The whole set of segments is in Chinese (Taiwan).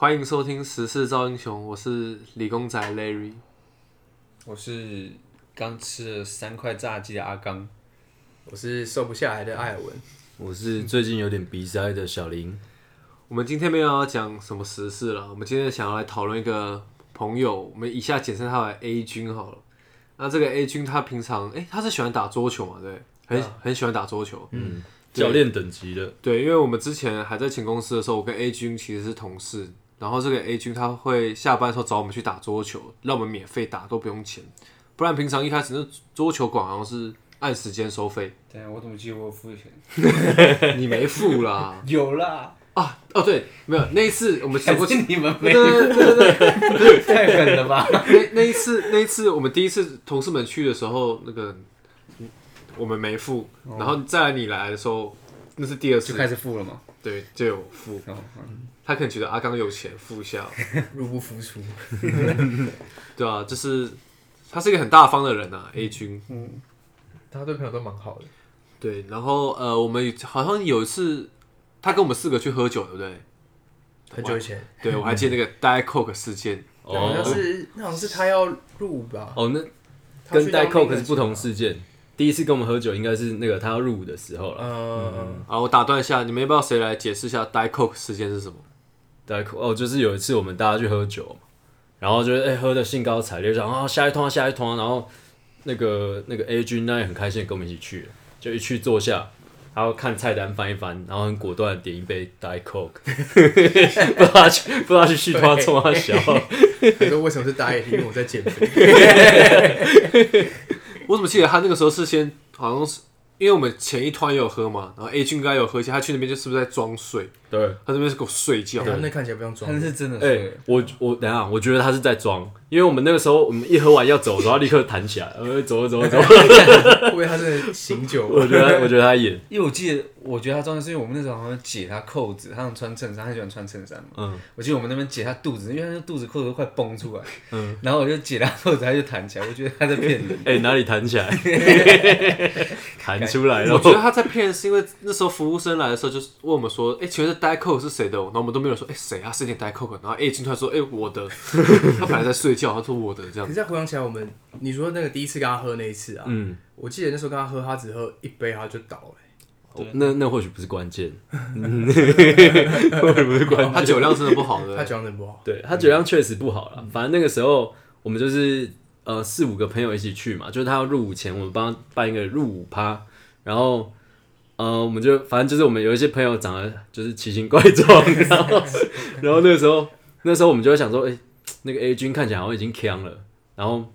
歡迎收聽時事造英雄，我是理工仔 Larry，我是剛吃了三塊炸雞的阿剛，我是瘦不下來的艾爾文，我是最近有點鼻塞的小林。嗯、我們今天沒有要講什麼時事了，我們今天想要來討論一個朋友，我們以下簡稱他為 A 君好了。那這個 A 君他平常哎、欸、他是喜歡打桌球嘛？對，很、啊、很喜歡打桌球，嗯，對，教練等級的，對，因為我們之前還在前公司的時候，我跟 A 君其實是同事。然後這個 A 君他會下班的時候找我們去打桌球，讓我們免費打都不用錢，不然平常一開始那桌球館好像是按時間收費。對啊，我怎麼記得我，我付錢？ 你沒付啦？有啦啊！哦、啊、對，沒有那一次我們付不去你們沒對？對對對，對對對太狠了吧！ 那那一次，那一次我們第一次同事們去的時候，那個我們沒付。然後再你來的時候，那是第二次就開始付了嗎？對，就有付。他可能覺得阿剛有錢，付孝 入不敷出， 對啊，就是他是一個很大方的人啊 A 君，嗯，嗯，他對朋友都蠻好的，對，然後呃，我們好像有一次他跟我們四個去喝酒，對不對？很久以前，對，我還記得那個 die Coke 事件，好像、 oh, 是那好像是他要入伍吧？哦，那跟 die Coke 是不同事件，第一次跟我們喝酒應該是那個他要入伍的時候了。嗯嗯嗯，啊、嗯嗯，我打斷一下，你們要不要誰來解釋一下 die Coke 事件是什麼？哦，oh, 就是有一次我們大家去喝酒，然後就是欸、喝得興高采烈，然後下一通、下一通、啊啊，然後那個那個 A 君呢，也很開心跟我們一起去了，就一去坐下，然後看菜單翻一翻，然後很果斷地點一杯 diet coke， 不知道去不知道去續衝對他笑。他說為什麼是 diet？因為我在減肥。 我怎麼記得他那個時候是先好像是。因為我們前一團也有喝嘛，然後 A 君哥有喝，他去那邊就是不是在裝睡？對，他這邊是給我睡覺的、欸。他們那看起來不用裝，他是真的是、欸。哎對，我我等下，我覺得他是在裝。因為我們那個時候，我們一喝完要走，然後立刻彈起來，呃，走走走走。因為他在醒酒，我覺得，我覺得他演。因為我記得，我覺得他裝的是因為我們那時候好像解他扣子，他喜歡穿襯衫，他喜歡穿襯衫嘛。嗯。我記得我們那邊解他肚子，因為他的肚子扣子都快崩出來。嗯。然後我就解他扣子，他就彈起來。我覺得他在騙人。哎，哪裡彈起來？彈出來了。我覺得他在騙人，是因為那時候服務生來的時候就是問我們說：“哎，全是帶扣是誰的？”然後我們都沒有說：“哎，誰啊？是件帶扣。”然後哎，進來說：“哎，我的。”他本來在睡覺。叫他做我的這樣子。可是再回想起來，我們你說那個第一次跟他喝那一次啊，嗯，我記得那時候跟他喝，他只喝一杯他就倒了。好對那，那那或許不是關鍵，或許不是關鍵？他酒量真的不好，的他酒量很不好，對他酒量確實不好了。嗯、反正那個時候我們就是呃四五個朋友一起去嘛，就是他要入伍前，我們幫他辦一個入伍趴，然後呃我們就反正就是我們有一些朋友長得就是奇形怪狀，然後 然後那個時候那時候我們就會想說，哎、欸。那個 A 君看起來好像已經嗆了，然後，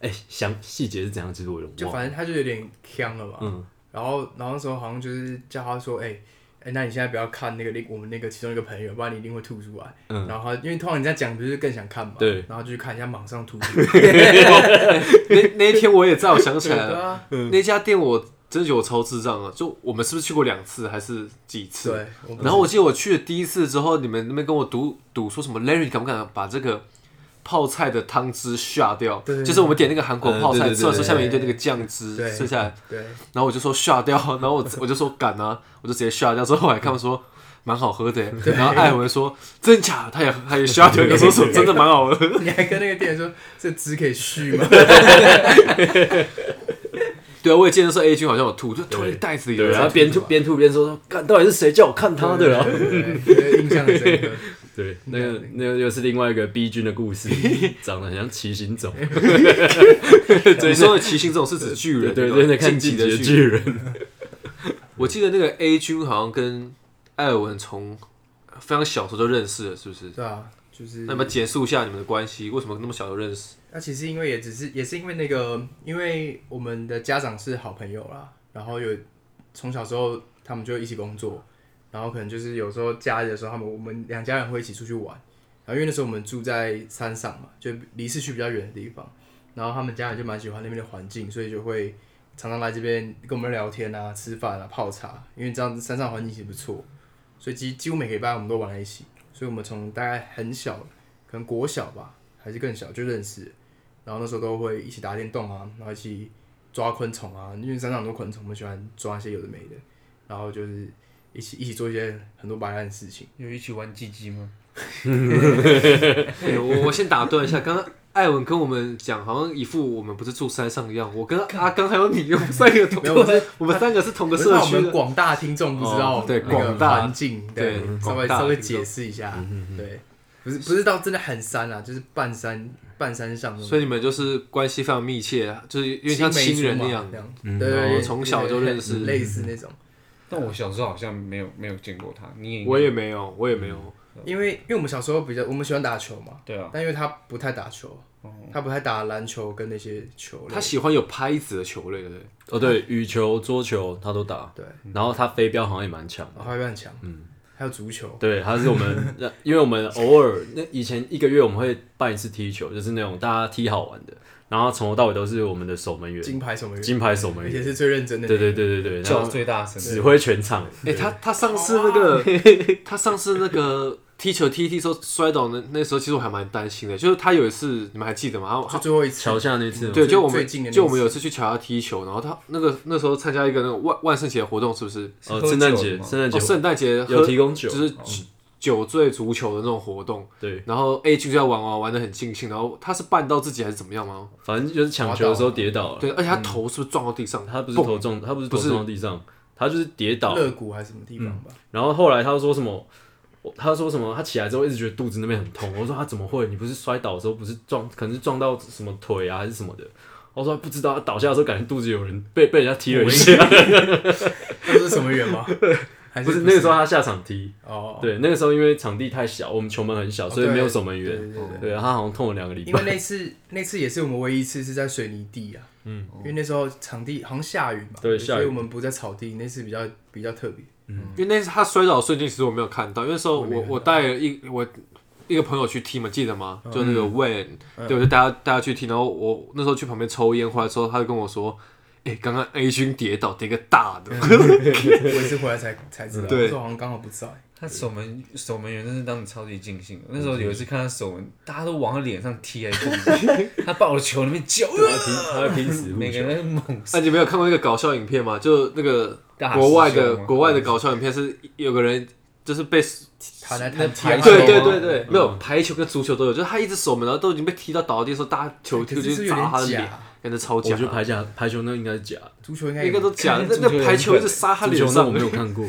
哎、欸，想細節是怎樣制作的？我就反正他就有點嗆了吧。嗯、然後，然後那時候好像就是叫他說，哎、欸，哎、欸，那你現在不要看那個那我們那個其中一個朋友，不然你一定會吐出來。嗯、然後他因為通常人家講不是更想看嘛。對，然後就去看人家馬上吐出來。那那一天我也在，我想起來了， 啊、那家店我。真的覺得我超智障啊！就我們是不是去過兩次還是幾次？對。然後我記得我去了第一次之後，你們那邊跟我賭賭說什麼，Larry 敢不敢把這個泡菜的湯汁下掉？就是我們點那個韓國泡菜，所以說下面一堆那個醬汁剩下。對。然後我就說下掉，然後我就說敢啊，我就直接下掉。之後後來他們說蠻好喝的。然後艾文說真的假？他也他也下掉一個，說說真的蠻好喝。你還跟那個店員說這汁可以續嗎？對，我也記得是 A 君，好像有吐，就吐袋子有吐，有人，然後邊吐邊吐邊說說，看到底是誰叫我看他的然、啊、了。 印象很深刻，對，那個那個又是另外一個 B 君的故事，長得很像奇行種。你說的奇行種是指巨人對？對對對，看進擊的巨人。 我記得那個 A 君好像跟艾爾文從非常小時候就認識了，是不是？是啊。就是，那麼簡述一下你們的關係，為什麼那麼小就認識？那、啊、其實因為也只是，也是因為那個，因為我們的家長是好朋友啦，然後有從小時候他們就一起工作，然後可能就是有時候家裡的時候，他們我們兩家人會一起出去玩，然後因為那時候我們住在山上嘛，就離市區比較遠的地方，然後他們家人就蠻喜歡那邊的環境，所以就會常常來這邊跟我們聊天啊、吃飯啊、泡茶，因為這樣子山上環境其實不錯，所以幾，幾乎每個禮拜我們都玩在一起。所以我們從大概很小，可能國小吧，還是更小就認識，然後那時候都會一起打電動啊，然後一起抓昆蟲啊，因為山上很多昆蟲，我們喜歡抓一些有的沒的，然後就是一起一起做一些很多白爛的事情。有一起玩雞雞嗎？我、 hey, 我先打斷一下，剛剛。艾文跟我們講，好像一副我們不是住山上一樣。我跟阿剛還有你，我們三個同，我們三個是同個社區。廣大聽眾不知道，對，廣大環境，對，稍微稍微解釋一下，對，不是不是到真的很山啊，就是半山半山上。所以你們就是關係非常密切啊，就是因為像親人那樣，從小就認識，類似那種。但我小時候好像沒有沒有見過他，你也我也沒有，我也沒有。因為因為我們小時候比較，我們喜歡打球嘛，對啊，但因為他不太打球，他不太打籃球跟那些球類。他喜歡有拍子的球類，對不對？哦，對，羽球、桌球他都打。對，然後他飛鏢好像也蠻強的。哦，還蠻強。嗯，還有足球。對，他是我們，因為我們偶爾那以前一個月我們會辦一次踢球，就是那種大家踢好玩的，然後從頭到尾都是我們的守門員，金牌守門員，金牌守門員，也是最認真的。對對對對對，叫最大聲，指揮全場。哎，他他上次那個，他上次那個。踢球踢踢時候摔倒，那那時候其實我還蠻擔心的，就是他有一次你們還記得嗎？他最後一次橋下那次，對，就我們就我們有一次去橋下踢球，然後他那個那時候參加一個那種萬萬聖節活動，是不是？哦，聖誕節，聖誕節，聖誕節有提供酒，就是酒醉足球的那種活動。對，然後 A 就在玩玩玩的很盡興，然後他是絆到自己還是怎麼樣嗎？反正就是搶球的時候跌倒了，對，而且他頭是不是撞到地上？他不是頭撞，他不是撞到地上，他就是跌倒，肋骨還是什麼地方吧？然後後來他說什麼？他說什麼？他起來之後一直覺得肚子那邊很痛。我說他怎麼會？你不是摔倒的時候不是撞，可能是撞到什麼腿啊還是什麼的。我說他不知道，他倒下的時候感覺肚子有人被被人家踢了一下。那是什麼原因嗎？是不是,不是那個時候他下場踢，哦、對，那個時候因為場地太小，我們球門很小，所以沒有守門員。對,對,對,對,對,對他好像痛了兩個禮拜。因為那次那次也是我們唯一一次是在水泥地啊，嗯，因為那時候場地好像下雨嘛，對，所以我們不在草地，那次比較比較特別。嗯、因為那次他摔倒的瞬間，其實我沒有看到，因為那時候我我帶了一我一個朋友去踢嘛，記得嗎？就那個 When，、嗯、對，我就帶他帶他去踢，然後我那時候去旁邊抽菸，回來之後他就跟我說。哎，剛剛 A 軍跌倒跌個大的，我也是回來才才知道，那時候好像剛好不在。他守門守門員真是當時超級盡興。那時候有一次看他守門，大家都往他臉上踢，他抱着球那邊叫，他在拼死，每個人猛。哎，你沒有看過一個搞笑影片嗎？就那個國外的國外的搞笑影片，是有個人就是被，對對對對，沒有排球跟足球都有，就是他一直守門，然後都已經被踢到倒地的時候，大家球踢就砸他的臉。真的超假！我覺得排假排球那應該是假的足球應該應該都假。那，那排球是沙哈臉上我沒有看過，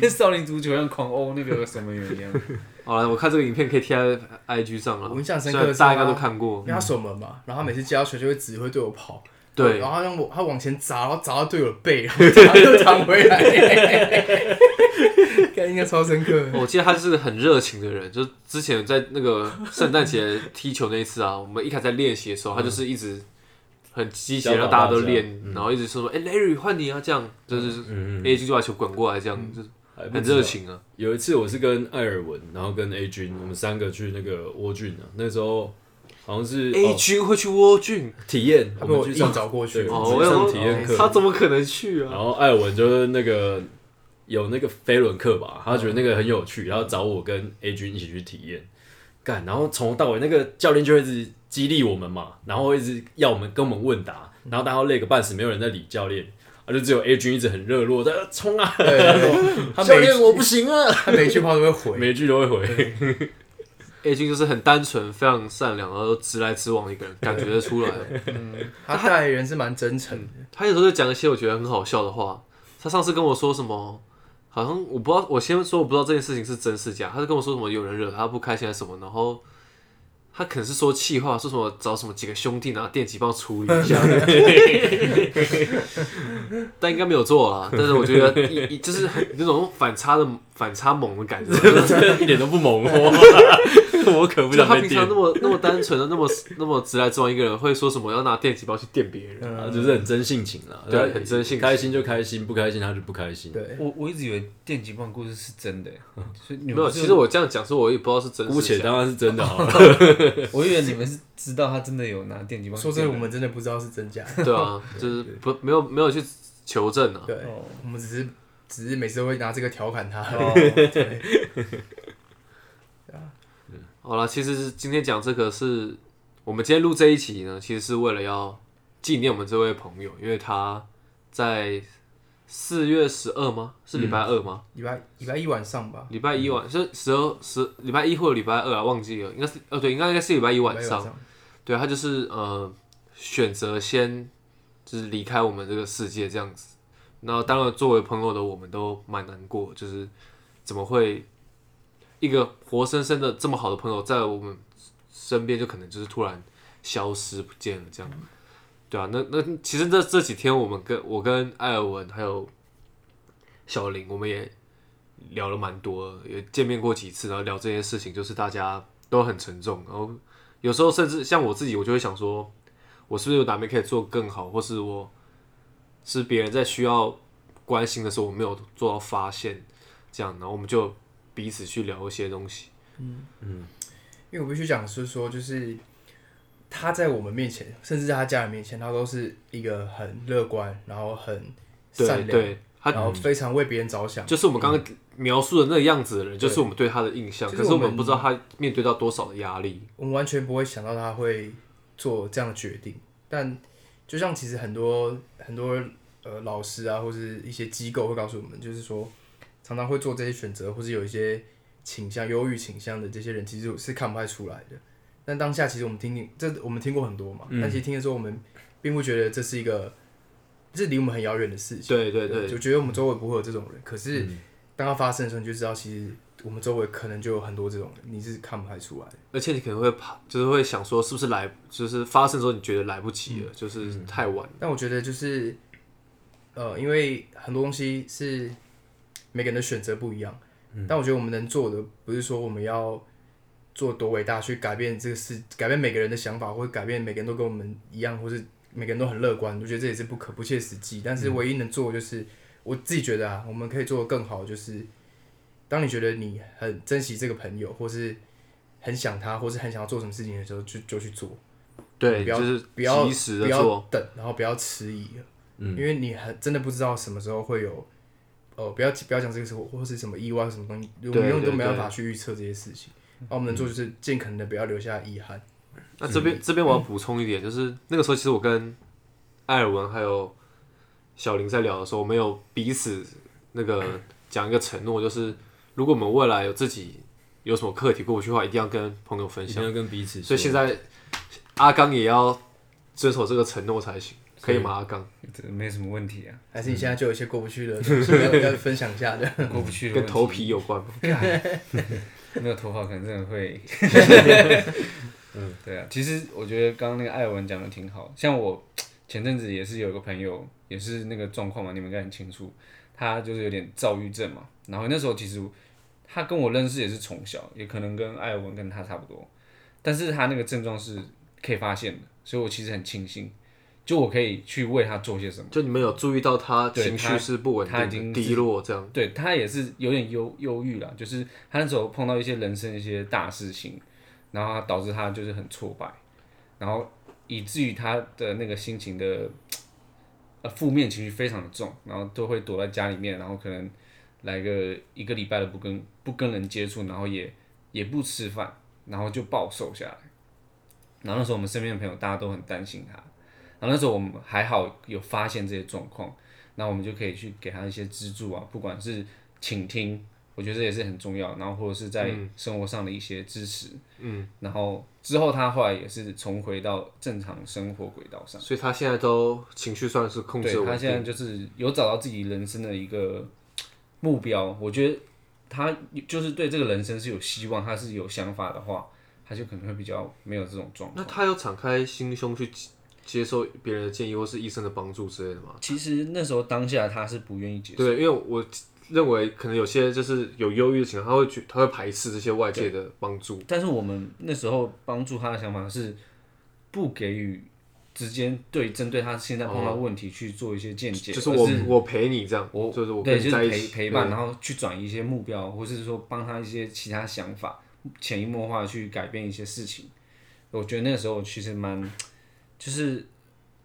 跟少林足球一狂毆那個守門員一樣。好，了我看這個影片可以貼在 I G 上了。我印象深刻，大家應該都看過。他守門嘛，然後每次接到球就會指揮隊友跑。對，然後讓我他往前砸，然後砸到隊友背，然後又傳回來。應該超深刻。我記得他是個很熱情的人，就之前在那個聖誕節踢球那一次啊，我們一開始練習的時候，他就是一直。很積然讓大家都練，然後一直說說，哎，Larry 換你啊，這樣就是 A j 就把球滾過來，這樣就是很熱情啊。有一次我是跟艾爾文，然後跟 A 軍，我們三個去那個沃郡啊，那時候好像是 A 軍會去沃郡體驗，我們去找過去，哦，上體驗課，他怎麼可能去啊？然後艾爾文就是那個有那個飛輪課吧，他覺得那個很有趣，然後找我跟 A 軍一起去體驗干，然後從頭到尾那個教練就會一直激勵我們嘛，然後一直要我們跟我們問答，然後大家都累個半死，沒有人在理教練，而就只有 AJ 一直很熱絡，在、呃、衝啊！教練，我不行啊。他句每句話都會回，句會回每句都會回。AJ 就是很單純、非常善良，然後直來直往的一個人，感覺得出來了、 嗯。他待人是蠻真誠的，他有時候就講一些我覺得很好笑的話。他上次跟我說什麼，好像我不知道，我先說我不知道這件事情是真是假。他就跟我說什麼，有人惹他不開心還是什麼，然後。他可能是說氣話，說什麼找什麼幾個兄弟拿電擊棒處理一下，但應該沒有做啊。但是我覺得，就是很那種反差的反差猛的感覺，一點都不猛哦。我可不知道他平常那麼那麼單純的那麼那麼直來直往一個人，會說什麼要拿電擊棒去電別人，就是很真性情了。對，很真性情，開心就開心，不開心他就不開心。對，我我一直以為電擊棒故事是真的，沒有。其實我這樣講，說我也不知道是真實的，目前當然是真的好了。我以為你們是知道他真的有拿電擊棒。說真的,我們真的不知道是真假的。對啊，就是不沒有沒有去求證啊。 對，我們只是只是每次都會拿這個調侃他。 對， 對啊，好了，其實是今天講這個是我們今天錄這一期呢，其實是為了要紀念我們這位朋友，因為他在。四月十二嗎？是禮拜二嗎？禮拜、嗯、禮拜一晚上吧。禮拜一晚上、嗯、就十二十，禮拜一或者禮拜二啊，忘記了。應該是哦，對，應該應該是禮拜一晚上。晚上對啊，他就是呃，選擇先就是離開我們這個世界這樣子。那當然，作為朋友的我們都蠻難過，就是怎麼會一個活生生的這麼好的朋友在我們身邊，就可能就是突然消失不見了這樣。嗯對啊，那那其實這這幾天，我們跟我跟艾爾文還有小林，我們也聊了蠻多了，也見面過幾次，然後聊這些事情，就是大家都很沉重，然後有時候甚至像我自己，我就會想說，我是不是有哪邊可以做更好，或是我是，是別人在需要關心的時候，我沒有做到發現，這樣，然後我們就彼此去聊一些東西，嗯嗯，嗯因為我必須講是說，就是。他在我們面前，甚至在他家人面前，他都是一個很樂觀，然後很善良，對，對，他，然後非常為別人着想、嗯。就是我們剛剛描述的那個樣子的人，對就是我們對他的印象。是可是我們不知道他面對到多少的壓力，我們完全不會想到他會做這樣的決定。但就像其實很多很多呃老師啊，或是一些機構會告訴我們，就是說常常會做這些選擇，或是有一些傾向憂鬱傾向的這些人，其實是看不太出來的。但當下其實我們聽聽，這我們聽過很多嘛。嗯、但其實聽的時候，我們並不覺得這是一個，是離我們很遙遠的事情。對對對，就覺得我們周圍不會有這種人。嗯、可是，當它發生的時候，你就知道，其實我們周圍可能就有很多這種人，你是看不太出來的。而且你可能會怕，就是會想說，是不是來，就是發生的時候你覺得來不及了，嗯、就是太晚。但我覺得就是，呃，因為很多東西是每個人的選擇不一樣。嗯。但我覺得我們能做的，不是說我們要。做多偉大，去改變這個事，改變每個人的想法，或改變每個人都跟我們一樣，或是每個人都很樂觀，我覺得這也是不可不切實際。但是唯一能做的就是，嗯、我自己覺得啊，我們可以做的更好，就是當你覺得你很珍惜這個朋友，或是很想他，或是很想要做什麼事情的時候，就就去做。對，不要不要不要等，然後不要遲疑了，嗯，因為你很真的不知道什麼時候會有，哦、呃，不要不要講這個時候，或是什麼意外，什麼東西，我們永遠都沒辦法去預測這些事情。那、哦、我們能做就是盡可能的不要留下遺憾。嗯、那這邊這邊我要補充一點，嗯、就是那個時候其實我跟艾爾文還有小林在聊的時候，我們有彼此那個講一個承諾，就是如果我們未來有自己有什麼課題過不去的話，一定要跟朋友分享，跟彼此。所以現在阿剛也要遵守這個承諾才行。可以馬拉沒什麼問題啊。還是你現在就有一些過不去的，要不、嗯、要分享一下的？過不去的，跟頭皮有關嗎？沒有、 哎、頭髮可能真的會。 對啊，其實我覺得剛剛那個艾文講得挺好，像我前陣子也是有一個朋友也是那個狀況嘛，你們應該很清楚。他就是有點躁鬱症嘛，然後那時候其實他跟我認識也是從小，也可能跟艾文跟他差不多，但是他那個症狀是可以發現的，所以我其實很慶幸。就我可以去為他做些什麼？就你們有注意到他情緒是不穩定，他他已經低落這樣？對他也是有點憂憂鬱了，就是他那時候碰到一些人生一些大事情，然後導致他就是很挫敗，然後以至於他的那個心情的啊、負面情緒非常的重，然後都會躲在家裡面，然後可能來個一個禮拜都不跟不跟人接觸，然後也也不吃飯，然後就暴瘦下來。然後那時候我們身邊的朋友大家都很擔心他。然後那時候我們還好有發現這些狀況，那我們就可以去給他一些資助啊，不管是傾聽，我覺得這也是很重要。然後或者是在生活上的一些支持，嗯，然後之後他後來也是重回到正常生活軌道上。所以他現在都情緒算是控制。對，他現在就是有找到自己人生的一個目標，我覺得他就是對這個人生是有希望，他是有想法的話，他就可能會比較沒有這種狀況。那他要敞開心胸去接受別人的建議或是醫生的幫助之類的嗎？其實那時候當下他是不願意接受，對，因為我認為可能有些就是有憂鬱的情況，他會去，他會排斥這些外界的幫助。但是我們那時候幫助他的想法是不給予直接對針對他現在碰到的問題去做一些見解。哦、就是我是我，我陪你這樣，我、哦、就是我跟你在一起，對，就是陪陪伴，對然後去轉移一些目標，或是說幫他一些其他想法，潛移默化的去改變一些事情。我覺得那時候其實蠻。就是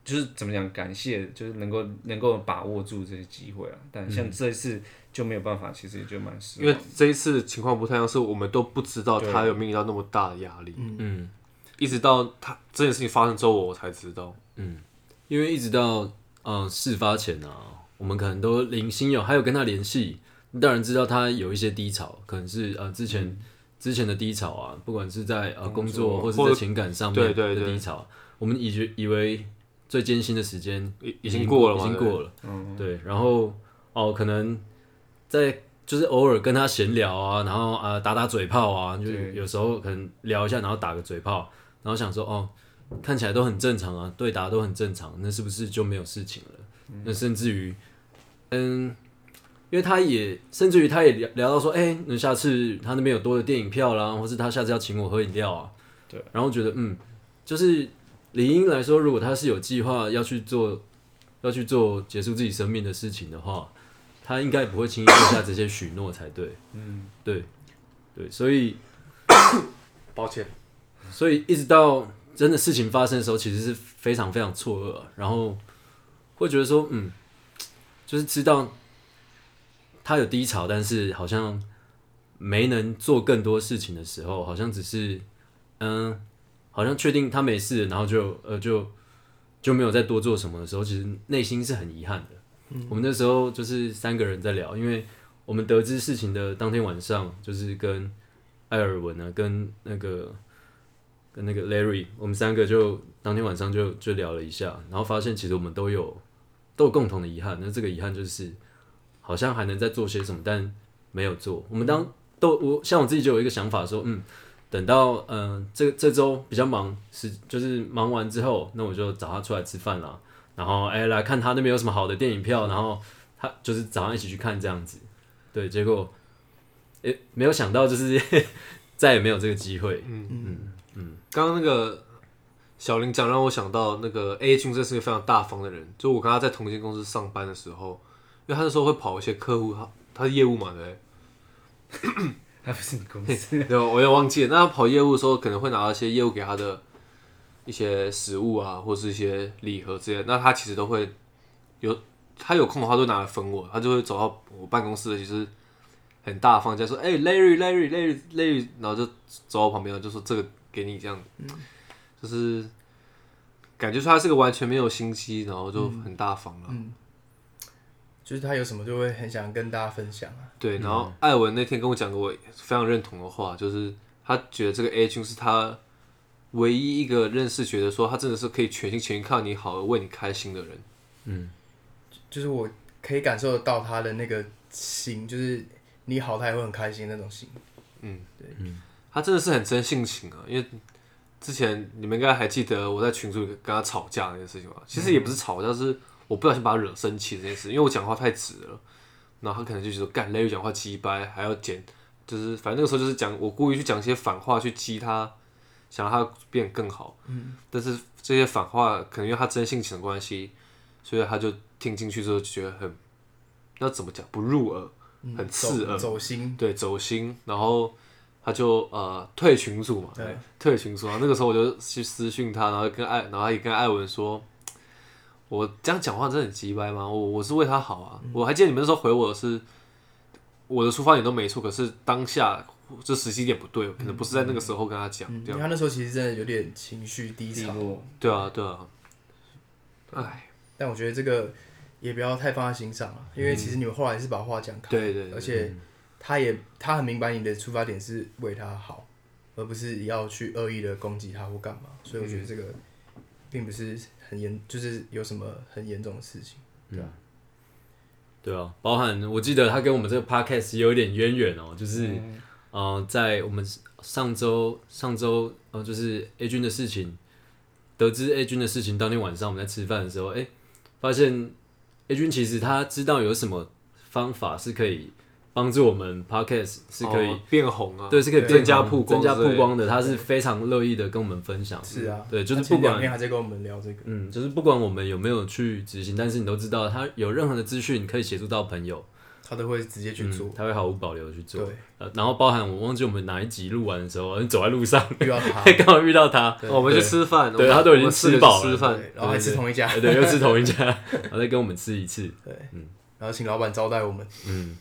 就是怎麼講？感謝，就是能夠能夠把握住這些機會啊！但像這一次就沒有辦法，嗯、其實也就蠻失望。因為這一次情況不太一樣，是我們都不知道他有面臨到那麼大的壓力。嗯，一直到他這件事情發生之後，我才知道。嗯，因為一直到嗯、呃、事發前啊，我們可能都零星有還有跟他聯繫，當然知道他有一些低潮，可能是呃之前、嗯、之前的低潮啊，不管是在呃工作、工作、啊、或者情感上面的低潮。我們以覺以為最艱辛的時間已已經過了，已經過了，嗯對，對，然後哦，可能在就是偶爾跟他閒聊啊，然後啊、呃、打打嘴炮啊，就有時候可能聊一下，然後打個嘴炮，然後想說哦，看起來都很正常啊，對，打都很正常，那是不是就沒有事情了？那甚至於嗯，因為他也甚至於他也聊聊到說，哎、欸，那下次他那邊有多的電影票啦，或是他下次要請我喝飲料啊，對，然後覺得嗯，就是。理應來說，如果他是有計劃要去做，要去做結束自己生命的事情的話，他應該不會輕易做下這些許諾才對。嗯，對，對，所以，抱歉，所以一直到真的事情發生的時候，其實是非常非常錯愕，然後會覺得說，嗯，就是知道他有低潮，但是好像沒能做更多事情的時候，好像只是，嗯。好像確定他沒事，然後就呃就就沒有再多做什麼的時候，其實內心是很遺憾的。嗯、我們那時候就是三個人在聊，因為我們得知事情的當天晚上，就是跟艾爾文呢，啊，跟那個跟那個 Larry，我們三個就當天晚上就就聊了一下，然後發現其實我們都有都有共同的遺憾。那這個遺憾就是好像還能再做些什麼，但沒有做。我們當都我像我自己就有一個想法說，嗯。等到嗯、呃，這這週比較忙，是就是忙完之後，那我就找他出來吃飯了，然後哎來看他那邊有什麼好的電影票，然後他就是早上一起去看這樣子，對，結果誒沒有想到就是呵呵再也沒有這個機會，嗯嗯嗯。嗯嗯剛剛那個小林講讓我想到那個 A 君，這是一個非常大方的人，就我跟他在同間公司上班的時候，因為他那時候會跑一些客戶，他他的業務嘛，對。 那不是你公司。對，我也忘記了。那他跑業務的時候，可能會拿到一些業務給他的一些食物啊，或是一些禮盒之類的。那他其實都會有，他有空的話，都拿來分我。他就會走到我辦公室，其實很大方，這樣說：“哎、欸、，Larry，Larry，Larry，Larry。Larry, ” Larry, Larry, Larry, 然後就走到我旁邊，就說：“這個給你。”這樣，嗯、就是感覺出他是個完全沒有心機，然後就很大方了。嗯嗯就是他有什麼就會很想跟大家分享啊。對，然後艾文那天跟我講過，我非常認同的話，嗯、就是他覺得這個 AJ 是他唯一一個認識，覺得說他真的是可以全心全意看你好而為你開心的人。嗯，就是我可以感受得到他的那個心，就是你好他也會很開心的那種心。嗯，對，嗯、他真的是很真性情啊。因為之前你們應該還記得我在群組裡跟他吵架的那件事情吧？其實也不是吵架，但、嗯、是。我不小心把他惹生氣這件事，因為我講話太直了，然後他可能就覺得幹，雷雨講話雞掰，還要剪。就是反正那個時候就是講，我故意去講一些反話去激他，想讓他變更好。嗯、但是這些反話可能因為他真性情的關係，所以他就聽進去之後覺得很，那怎麼講不入耳，嗯、很刺耳。走,走心。對，走心。然後他就呃退群組嘛，對，退群組。那個時候我就去私訊他，然後跟艾，然後也跟艾文說。我這樣講話真的很機掰嗎？我我是為他好啊，嗯、我還記得你們那時候回我的是我的出發點都沒錯，可是當下這時機點不對，可能不是在那個時候跟他講。他那時候其實真的有點情緒低、低落。低落對啊，對啊。哎，但我覺得這個也不要太放在心上啊，嗯、因為其實你們後來是把話講開了，對，對對，而且他也、嗯、他很明白你的出發點是為他好，而不是要去惡意的攻擊他或幹嘛，所以我覺得這個、嗯。並不是很嚴，就是有什麼很嚴重的事情，對啊、嗯，對啊，包含我記得他跟我們這個 podcast 有點淵源哦，就是嗯、呃，在我們上周上周嗯、呃，就是 A 君的事情，得知 A 君的事情當天晚上我們在吃飯的時候，哎，發現 A 君其實他知道有什麼方法是可以。幫助我們 podcast 是可以變紅啊，對，是可以增加曝光，增加曝光的。他是非常樂意的跟我們分享，是啊，對，就是不管還在跟我們聊這個，嗯，就是不管我們有沒有去執行，但是你都知道，他有任何的資訊你可以協助到朋友，他都會直接去做，他會毫無保留去做。然後包含我忘記我們哪一集錄完的時候，走在路上遇到他，剛好遇到他，我們去吃飯，對，他都已經吃飽了，吃飯，然後還吃同一家，對，又吃同一家，然後再跟我們吃一次，對，嗯，然後請老闆招待我們，嗯。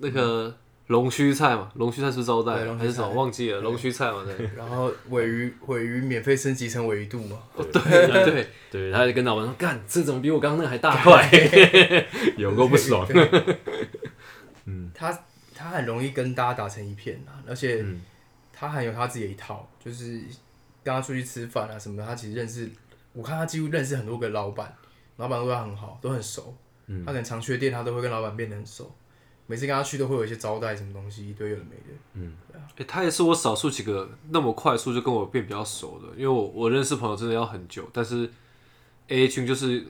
那個龍鬚菜嘛，龍鬚菜是，是招待還是什麼？忘記了，龍鬚對菜嘛，對。然後鮪魚，鮪魚免費升級成鮪魚肚嘛？對對對，他就跟老闆說：“幹， 這種比我剛剛那個還大塊？”對耶 有夠不爽。嗯， 他他很容易跟大家打成一片，而且他還有他自己一套，就是跟他出去吃飯啊什麼的。他其實認識，我看他幾乎認識很多個老闆，老闆對他很好，都很熟。嗯、他可能常去的店，他都會跟老闆變得很熟。每次跟他去都會有一些招待什麼東西，一堆有的沒的。嗯，對、欸、他也是我少數幾個那麼快速就跟我變比較熟的，因為我我認識朋友真的要很久，但是 A 君就是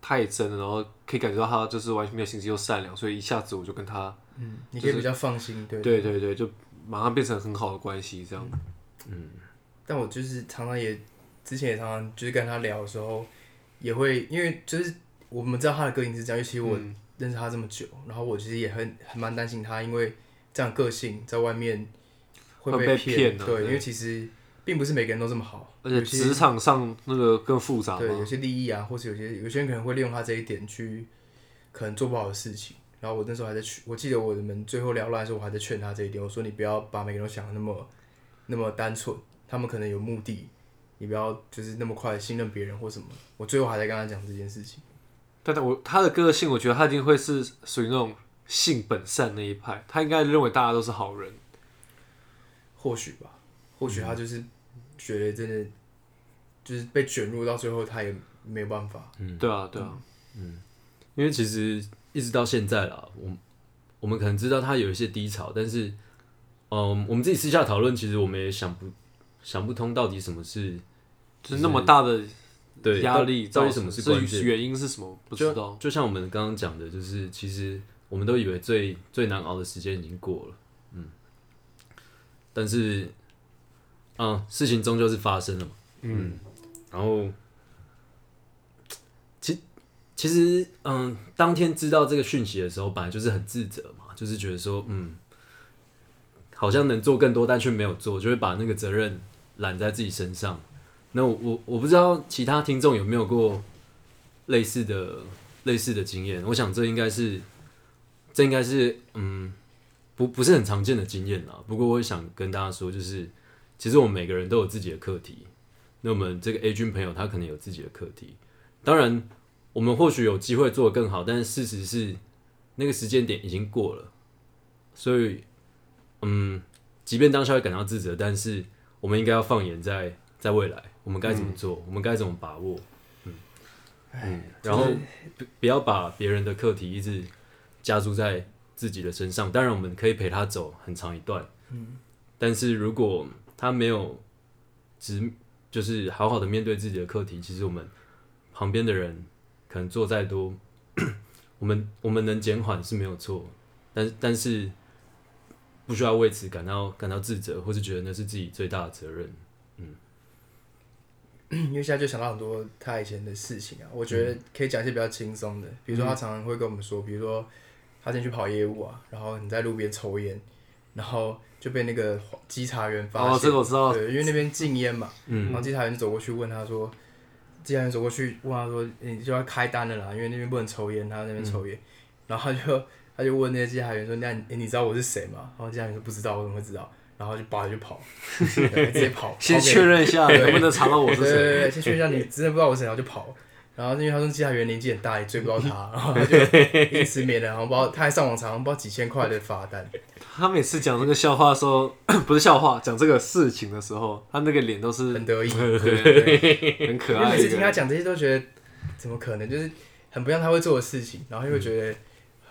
太真了，然後可以感覺到他就是完全沒有心機又善良，所以一下子我就跟他，嗯，你可以比較放心，對、就是，對對對，就馬上變成很好的關係這樣。嗯，嗯嗯，但我就是常常也之前也常常就是跟他聊的時候，也會因為就是我們知道他的個性是這樣，尤其我、嗯。認識他這麼久，然後我其實也很很蠻擔心他，因為這樣個性在外面會被騙。被騙了，對，對。因為其實並不是每個人都這麼好，而且職場上那個更複雜。對，有些利益啊，或是有些有些人可能會利用他這一點去可能做不好的事情。然後我那時候還在勸，我記得我們最後聊完的時候，我還在勸他這一點，我說你不要把每個人都想得那麼那麼單純，他們可能有目的，你不要就是那麼快信任別人或什麼。我最後還在跟他講這件事情。但是我他的個性，我覺得他一定會是屬於那種性本善那一派，他應該認為大家都是好人，或許吧，或許他就是覺得真的、嗯、就是被捲入到最後，他也沒辦法。嗯，對啊，對啊，嗯，因為其實一直到現在了，我們我們可能知道他有一些低潮，但是嗯，我們自己私下討論，其實我們也想不想不通到底什麼是，就是那麼大的。嗯對，壓力到底什麼是關鍵？原因是什麼？不知道。就，就像我們剛剛講的，就是其實我們都以為最最難熬的時間已經過了，嗯，但是，嗯，事情終究是發生了嘛，嗯。嗯，然後，其其實，嗯，當天知道這個訊息的時候，本來就是很自責嘛，就是覺得說，嗯，好像能做更多，但卻沒有做，就會把那個責任攬在自己身上。那我我我不知道其他聽眾有沒有過類似的類似的經驗。我想這應該是這應該是嗯，不不是很常見的經驗啦。不過我想跟大家說，就是其實我們每個人都有自己的課題。那我們這個 A 君朋友，他可能有自己的課題。當然，我們或許有機會做得更好，但是事實是那個時間點已經過了。所以，嗯，即便當下會感到自責，但是我們應該要放眼在在未來。我們該怎麼做？嗯、我們該怎麼把握？嗯，唉嗯，然後唉不，不要把別人的課題一直加注在自己的身上。當然，我們可以陪他走很長一段，嗯。但是如果他沒有直就是好好的面對自己的課題，其實我們旁邊的人可能做再多， 我們我們能減緩是沒有錯，但但是不需要為此感到感到自責，或是覺得那是自己最大的責任，嗯。因為現在就想到很多他以前的事情啊，我覺得可以講一些比較輕鬆的，嗯、比如說他常常會跟我們說，嗯、比如說他進去跑業務啊，然後你在路邊抽煙，然後就被那個稽查員發現。哦，這個我知道。對，因為那邊禁煙嘛，嗯、然後稽查員、嗯、走過去問他說，稽查員走過去問他說，你就要開單了啦，因為那邊不能抽煙，他在那邊抽煙，嗯、然後他就他就問那些稽查員說，那、欸、你你知道我是誰嗎？然後稽查員說不知道，我怎麼會知道？然後就拔就跑，直接跑。先確認一下，能不能查到我是誰？對對對，先確認一下，你真的不知道我是誰，然後就跑。然後因為他說其他員年紀很大，也追不到他，然後他就一直免了紅包。他還上網查紅包幾千塊的罰單。他每次講這個笑話的時候，不是笑話，講這個事情的時候，他那個臉都是很得意，對對對，很可愛。每次聽他講這些，都覺得怎麼可能，就是很不像他會做的事情，然後又覺得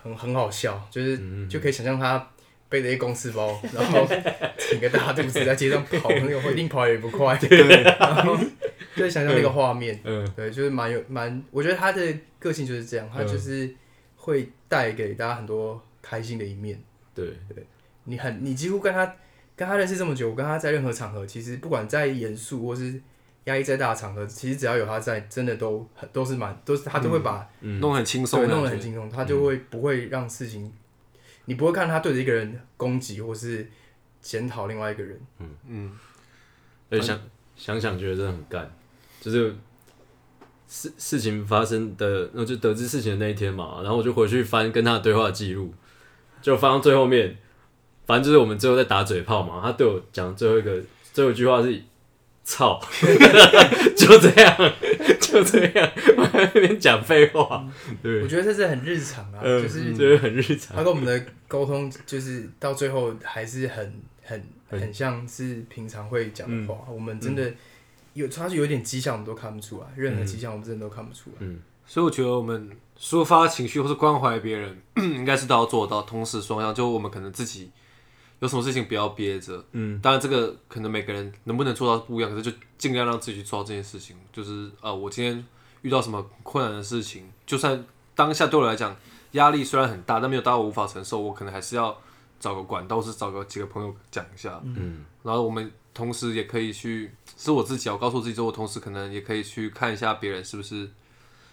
很很好笑，就是就可以想象他。背着一公司包，然後挺個大肚子在街上跑， 那個一定跑也不快。 然後，就想想那個畫面，嗯， 對，就是蠻有蠻，我覺得他的個性就是這樣，他就是會帶給大家很多開心的一面。對，對你很，你幾乎跟他跟他認識這麼久，我跟他在任何場合，其實不管在嚴肅或是壓力再大的場合，其實只要有他在，真的都很都是蠻都是他都會把弄得很輕鬆，弄得很輕鬆，他就會不會讓事情。嗯你不會看他對着一個人攻擊，或是檢討另外一個人。嗯嗯，所以、嗯欸、想想想覺得真的很幹，嗯、就是事事情發生的，那就得知事情的那一天嘛，然後我就回去翻跟他的對話記錄，就翻到最後面，反正就是我們最後在打嘴炮嘛，他對我講最後一個最後一句話是“操”， 就這樣。就這樣，我還在那邊講廢話，嗯、對我覺得這是很日常啊，嗯、就是是很日常。他跟我們的溝通，就是到最後還是很很很，很像是平常會講的話。嗯、我們真的有，他是、嗯、有點跡象，我們都看不出來。嗯、任何跡象，我們真的都看不出來、嗯。所以我覺得我們抒發情緒或是關懷別人， 應該是都要做到，同時雙向。就我們可能自己。有什麼事情不要憋着，嗯，當然這個可能每個人能不能做到不一樣，可是就盡量讓自己去做到這件事情，就是啊，我今天遇到什麼困難的事情，就算當下對我來講壓力雖然很大，但沒有到我無法承受，我可能還是要找個管道，或是找個幾個朋友講一下，嗯，然後我們同時也可以去，是我自己要告訴自己之後，同時可能也可以去看一下別人是不是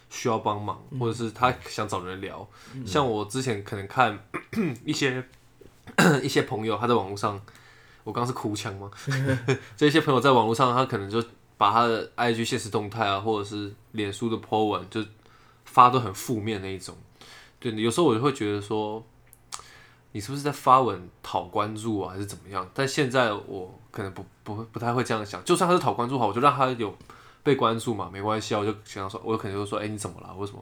需要幫忙，或者是他想找人聊，嗯、像我之前可能看咳咳一些。 一些朋友，他在網絡上，我剛是哭腔嗎？這 些朋友在網絡上，他可能就把他的 IG 限時動態啊，或者是臉書的 po 文，就發得很負面那一種。對，有時候我就會覺得說，你是不是在發文討關注啊，還是怎麼樣？但現在我可能不不不太會這樣想，就算他是討關注好，我就讓他有被關注嘛，沒關係。我就想要說，我可能就說，哎、欸，你怎麼了？為什麼？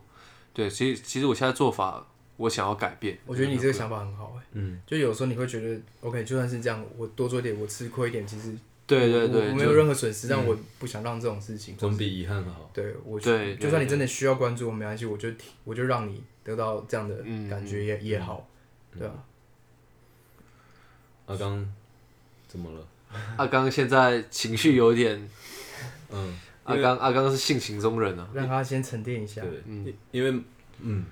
對，其實其實我現在做法。我想要改變，我覺得你這個想法很好，嗯，就有時候你會覺得，OK，就算是這樣，我多做點，我吃虧一點，其實對對對，我沒有任何損失，但我不想讓這種事情，總比遺憾好。對，我覺得就算你真的需要關注我，沒關係，我就我就讓你得到這樣的感覺也也好，對啊。阿剛，怎麼了？阿剛現在情緒有點，嗯，阿剛阿剛是性情中人啊，讓他先沉澱一下，對，嗯，因為嗯。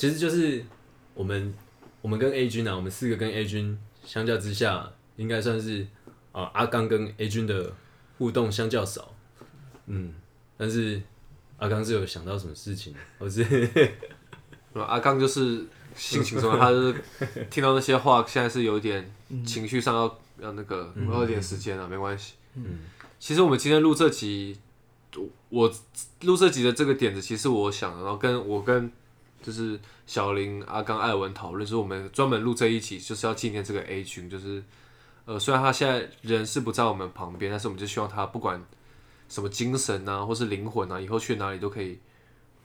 其實就是我們我們跟 A 君啊，我們四個跟 A 君相較之下，應該算是啊、呃、阿剛跟 A 君的互動相較少，嗯，但是阿剛是有想到什麼事情，我是 ？阿阿剛就是性情中 他就是聽到那些話， 現在是有點情緒上要要那個要一 點時間啊，嗯、沒關係。嗯，其實我們今天錄這集，我錄這集的這個點子其實我想的，然後跟我跟。就是小林、阿剛、艾文討論，說我們專門錄這一集就是要紀念這個 A 群。就是，呃，雖然他現在人是不在我們旁邊，但是我們就希望他不管什麼精神啊或是靈魂啊，以後去哪裡都可以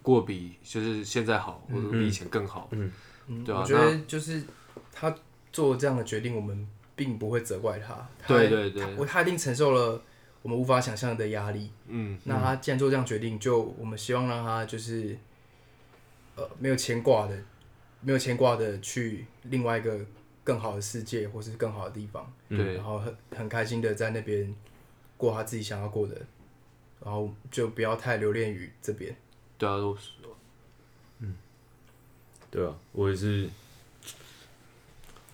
過比就是現在好，嗯、或者比以前更好。嗯嗯，對啊、我覺得就是他做這樣的決定，我們並不會責怪他。他對對對他，他一定承受了我們無法想象的壓力。嗯，那他既然做這樣決定，就我們希望讓他就是。呃，沒有牽掛的，沒有牽掛的去另外一個更好的世界，或是更好的地方。嗯，然後很很開心的在那邊過他自己想要過的，然後就不要太留戀於這邊。對啊，都是。嗯，對啊，我也是。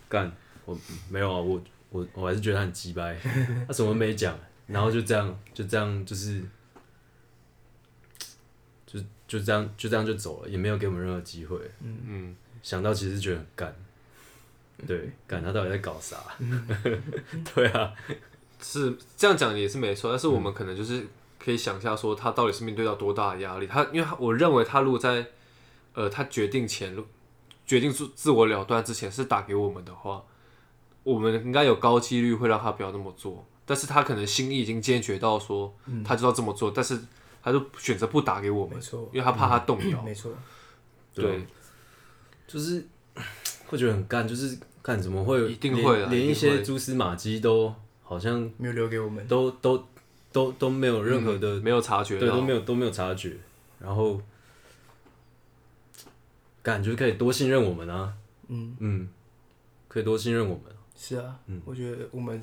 幹，我沒有啊，我我我還是覺得他很雞掰， 他什麼沒講，然後就這樣，就這樣，就是。就這樣，就這樣就走了，也沒有給我們任何機會。嗯，想到其實覺得很幹，嗯、對，幹他到底在搞啥？嗯、 對啊，是這樣講也是沒錯，但是我們可能就是可以想一下，說他到底是面對到多大的壓力？他因為我認為他如果在呃他決定前決定自自我了斷之前是打給我們的話，我們應該有高幾率會讓他不要那麼做，但是他可能心意已經堅決到說他就要這麼做，嗯、但是。他就選擇不打給我們，沒錯，因為他怕他動搖、嗯。沒錯，對，就是會覺得很幹，就是看怎麼會有，一定會啊，連一些蛛絲馬跡都好像沒有留給我們，都都都都沒有任何的、嗯、沒有察覺，對，都沒有都沒有察覺，然後感覺可以多信任我們啊，嗯嗯，可以多信任我們，是啊，嗯，我覺得我們，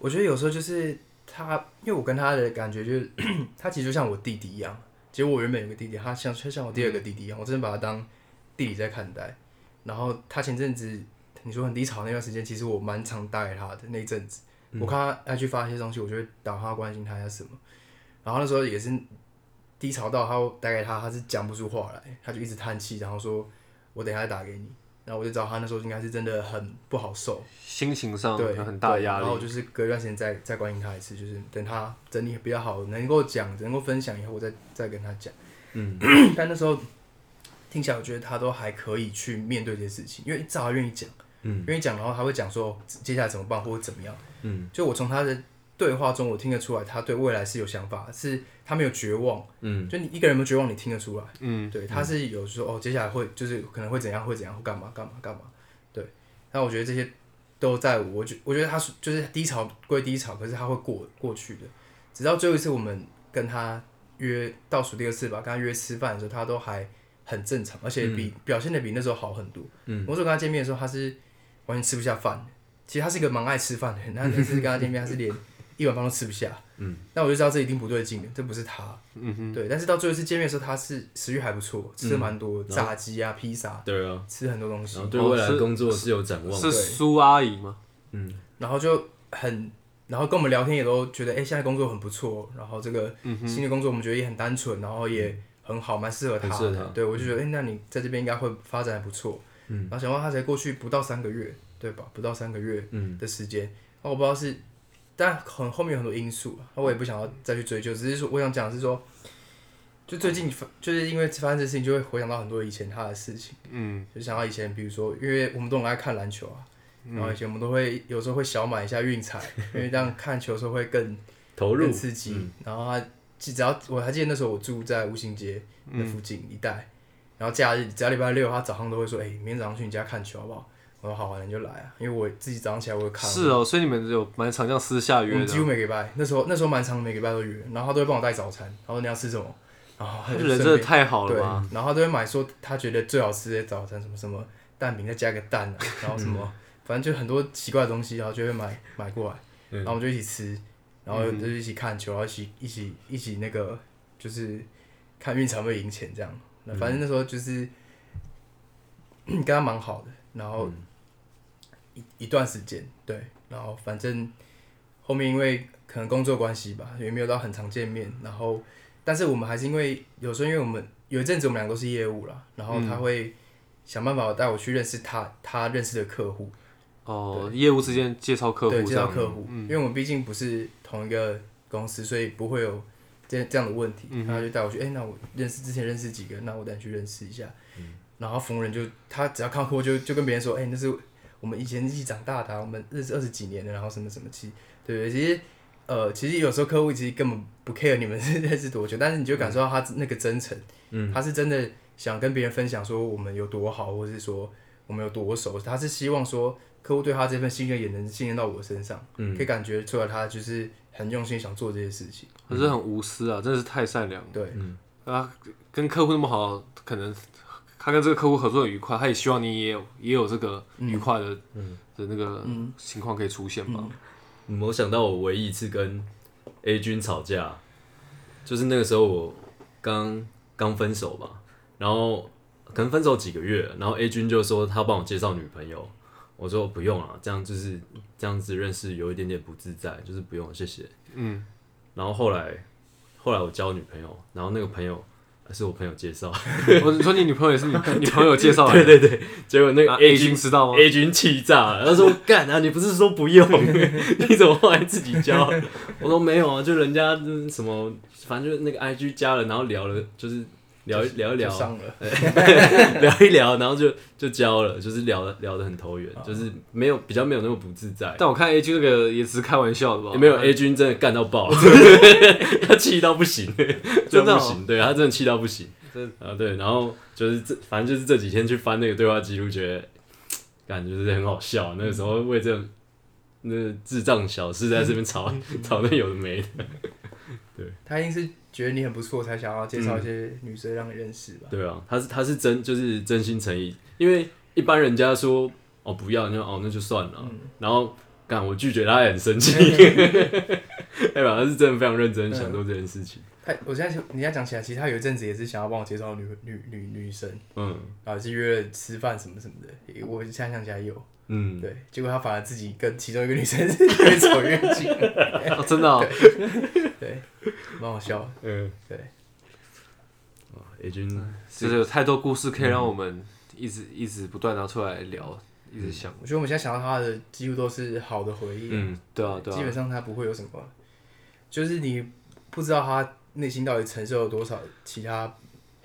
我覺得有時候就是。他，因為我跟他的感覺就是，他其實就像我弟弟一樣。其實我原本有個弟弟，他像像我第二個弟弟一樣，我真的把他當弟弟在看待。然後他前陣子你說很低潮的那段時間，其實我蠻常打給他的那陣子，嗯、我看他他去發一些東西，我就會打電話關心他呀什麼。然後他那時候也是低潮到他打給他，他是講不出話來，他就一直嘆氣，然後說我等下打給你。然後我就找他，那時候應該是真的很不好受，心情上有很大壓力。然後就是隔一段時間再再關心他一次，就是等他整理比較好，能夠講、能夠分享以後，我再再跟他講。嗯，但那時候聽起來，我覺得他都還可以去面對這些事情，因為至少他願意講，願意講、嗯、願意講，然後他會講說接下來怎麼辦或者怎麼樣，嗯，就我從他的。對話中我聽得出來，他對未來是有想法，是他沒有絕望。嗯，就你一個人沒有絕望，你聽得出來。嗯，對，他是有說哦，接下來會就是可能會怎樣，會怎樣，會幹嘛幹嘛幹嘛。對，那我覺得這些都在我覺，我覺得他是就是低潮歸低潮，可是他會過過去的。直到最後一次我們跟他約倒數第二次吧，跟他約吃飯的時候，他都還很正常，而且比、嗯、表現的比那時候好很多。嗯，我說跟他見面的時候，他是完全吃不下飯。其實他是一個蠻愛吃飯的人，但是跟他見面，他是連。嗯嗯一碗飯都吃不下，嗯，那我就知道這一定不對勁了，這不是他，嗯哼，對。但是到最後一次見面的時候，他是食欲還不錯，吃蠻多炸雞啊、披薩，對啊，吃很多東西。然後對未來的工作是有展望，是蘇阿姨嗎？嗯，然後就很，然後跟我們聊天也都覺得，哎，現在工作很不錯，然後這個新的工作我們覺得也很單純，然後也很好，蠻適合他的。對我就覺得，哎，那你在這邊應該會發展還不錯，嗯，然後想問，他才過去不到三個月，對吧？不到三個月，嗯，的時間，然後我不知道是。但很後面有很多因素，我也不想要再去追究，只是說我想講是說，就最近、嗯、就是因為發生這事情，就會回想到很多以前他的事情，嗯，就想到以前，比如說，因為我們都很愛看籃球啊，嗯、然後以前我們都會有時候會小買一下運彩，嗯、因為這樣看球的時候會更 投入、刺激。嗯、然後他，只要我還記得那時候我住在五星街的附近一帶，嗯、然後假日只要禮拜六，他早上都會說：“誒、欸，明天早上去你家看球好不好？”我說好啊，你就來啊！因為我自己早上起來我會看、啊。是哦，所以你們有蠻常這樣私下約的人、啊。我們幾乎每禮拜那時候那時候蠻常每禮拜都約，然後他都會幫我帶早餐，然後你要吃什麼，然後這人真的太好了嘛！然後他都會買說他覺得最好吃的早餐，什麼什麼蛋餅再加個蛋、啊，然後什麼、嗯、反正就很多奇怪的東西、啊，然後就會買買過來，然後我們就一起吃，然後就一起看球，然後一起一起、嗯、一起那個就是看運氣會不會贏錢這樣。反正那時候就是、嗯、跟他蠻好的，然後。嗯一段時間，對，然後反正後面因為可能工作關係吧，也沒有到很常見面。然後，但是我們還是因為有時候，因為我們有一陣子我們倆都是業務啦，然後他會想辦法帶我去認識他、他認識的客戶。嗯、對哦，業務之間介紹客戶對，客對，介紹客戶。嗯，因為我們畢竟不是同一個公司，所以不會有這這樣的問題。嗯、哼他就帶我去，哎、欸，那我認識之前認識幾個，那我帶你去認識一下。嗯，然後逢人就他只要看客戶，就、就跟別人說，哎、欸，那是。我們以前一起長大的，啊，我們認識二十幾年了，然後什麼什麼，其實對不對？其實，呃，其實有時候客戶其實根本不 care 你們認識多久，但是你就感受到他那個真誠，嗯，他是真的想跟別人分享說我們有多好，或是說我們有多熟，他是希望說客戶對他這份信任也能信任到我身上，嗯，可以感覺出來他就是很用心想做這些事情，他是很無私啊，真的是太善良了，對，嗯，啊，跟客戶那麼好，可能。他跟這個客戶合作很愉快，他也希望你也有也有這個愉快的、嗯、的那個情況可以出現吧。嗯嗯嗯、你有沒有想到，我唯一一次跟 A 君吵架，就是那個時候我剛剛分手吧，然後可能分手幾個月，然後 A 君就說他幫我介紹女朋友，我說不用了、啊，這樣就是這樣子認識有一點點不自在，就是不用，謝謝。嗯，然後後來後來我交女朋友，然後那個朋友。是我朋友介紹，我說，你女朋友也是你女 朋友介紹？對對對，結果那個 A 君，啊，A 君知道嗎？A 君氣炸了，他說幹啊，你不是說不用， 你怎麼後來自己交？ 我說沒有啊，就人家什麼，反正就那個 I G 加了，然後聊了，就是。聊一聊一聊，聊一聊，然後就就交了，就是聊得聊得很投緣，就是沒有比較沒有那麼不自在。但我看 A 君那個也是開玩笑的吧，也沒有 A 君真的幹到爆，他氣到不行，真的不行，對，他真的氣到不行。啊，對，然後就是這，反正就是這幾天去翻那個對話記錄，覺得感覺就是很好笑。那個時候為這那智障小事在這邊吵吵那有的沒的。對，他一定是覺得你很不錯，才想要介紹一些女生讓你認識吧？嗯、對啊，他是他是真就是真心誠意，因為一般人家說哦不要，你說哦那就算了，嗯、然後幹我拒絕，他也很生氣，哎，反正 是真的非常認真、嗯、想做這件事情。他我現在你要講起來，其實他有一陣子也是想要幫我介紹女女女女生，嗯，然後是約了吃飯什麼什麼的，我現在想起來有。嗯，對，結果他反而自己跟其中一個女生是越走越近，真的，哦對，對，蠻好笑，嗯，對，啊，嗯，已經就是有太多故事可以讓我們一直，嗯、一直不斷拿出來聊，一直想，嗯、我覺得我們現在想到他的幾乎都是好的回憶，嗯，對啊，對啊，基本上他不會有什麼，就是你不知道他內心到底承受了多少其他，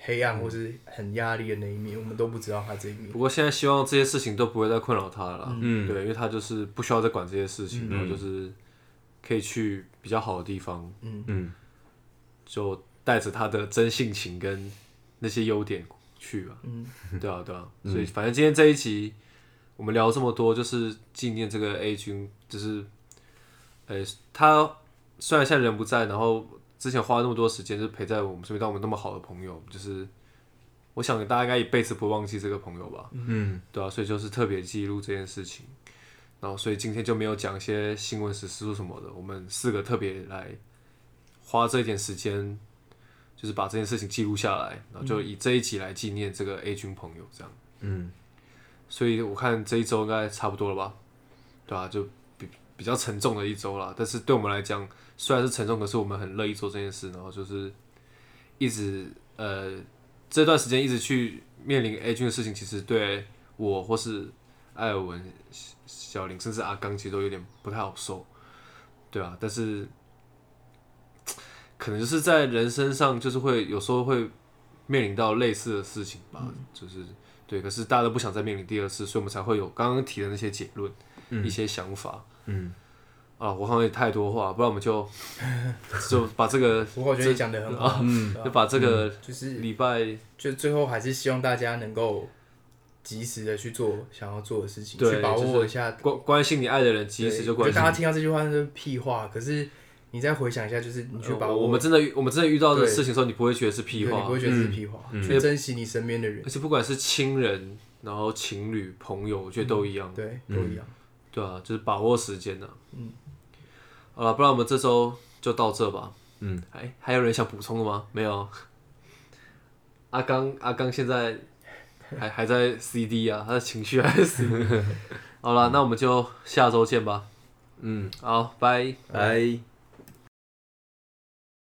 黑暗，或是很壓力的那一面，嗯、我們都不知道他這一面。不過現在希望這些事情都不會再困擾他了。嗯、對，因為他就是不需要再管這些事情，嗯、然後就是可以去比較好的地方，嗯、就帶着他的真性情跟那些優點去吧。嗯、對，啊對啊，對啊、嗯，所以反正今天這一集我們聊這麼多，就是紀念這個 A 君，就是、欸，他雖然現在人不在，然後。之前花了那麼多時間，就陪在我們身邊，當我們那麼好的朋友，就是我想大家應該一輩子不會忘記這個朋友吧。嗯，對啊，所以就是特別記錄這件事情，然後所以今天就沒有講一些新聞時事什麼的，我們四個特別來花這一點時間，就是把這件事情記錄下來，然後就以這一集來紀念這個 A 軍朋友這樣。嗯，所以我看這一周應該差不多了吧？對啊，就比比較沉重的一周了，但是對我們來講。雖然是沉重，可是我們很樂意做這件事。然後就是一直呃這段時間一直去面臨 A 君的事情，其實對我或是艾爾文、小林，甚至阿剛，其實都有點不太好受，對吧？啊。但是可能就是在人生上，就是會有時候會面臨到類似的事情吧。嗯、就是對，可是大家都不想再面臨第二次，所以我們才會有剛剛提的那些結論、嗯、一些想法，嗯。啊，我好像也太多話，不然我們就就把這個。我我覺得你講的很好，就把這個這、 嗯、就是禮拜就最後還是希望大家能夠及時的去做想要做的事情，對去把握一下、就是、關關心你愛的人，及時就關心。就大家聽到這句話是屁話，可是你再回想一下，就是你去把握。呃、我，我們真的我們真的遇到的事情的時候你，你不會覺得是屁話，你不會覺得是屁話，去珍惜你身邊的人。而且不管是親人，然後情侶、朋友，我覺得都一樣，嗯、對，都一樣。嗯對啊，就是把握時間的。嗯，好了，不然我們這周就到這吧。嗯，哎，還有人想補充的嗎？沒有。阿剛，阿剛現在還還在 CD 啊，他的情緒還是。呵呵，好了，那我們就下周見吧。嗯，好，拜拜。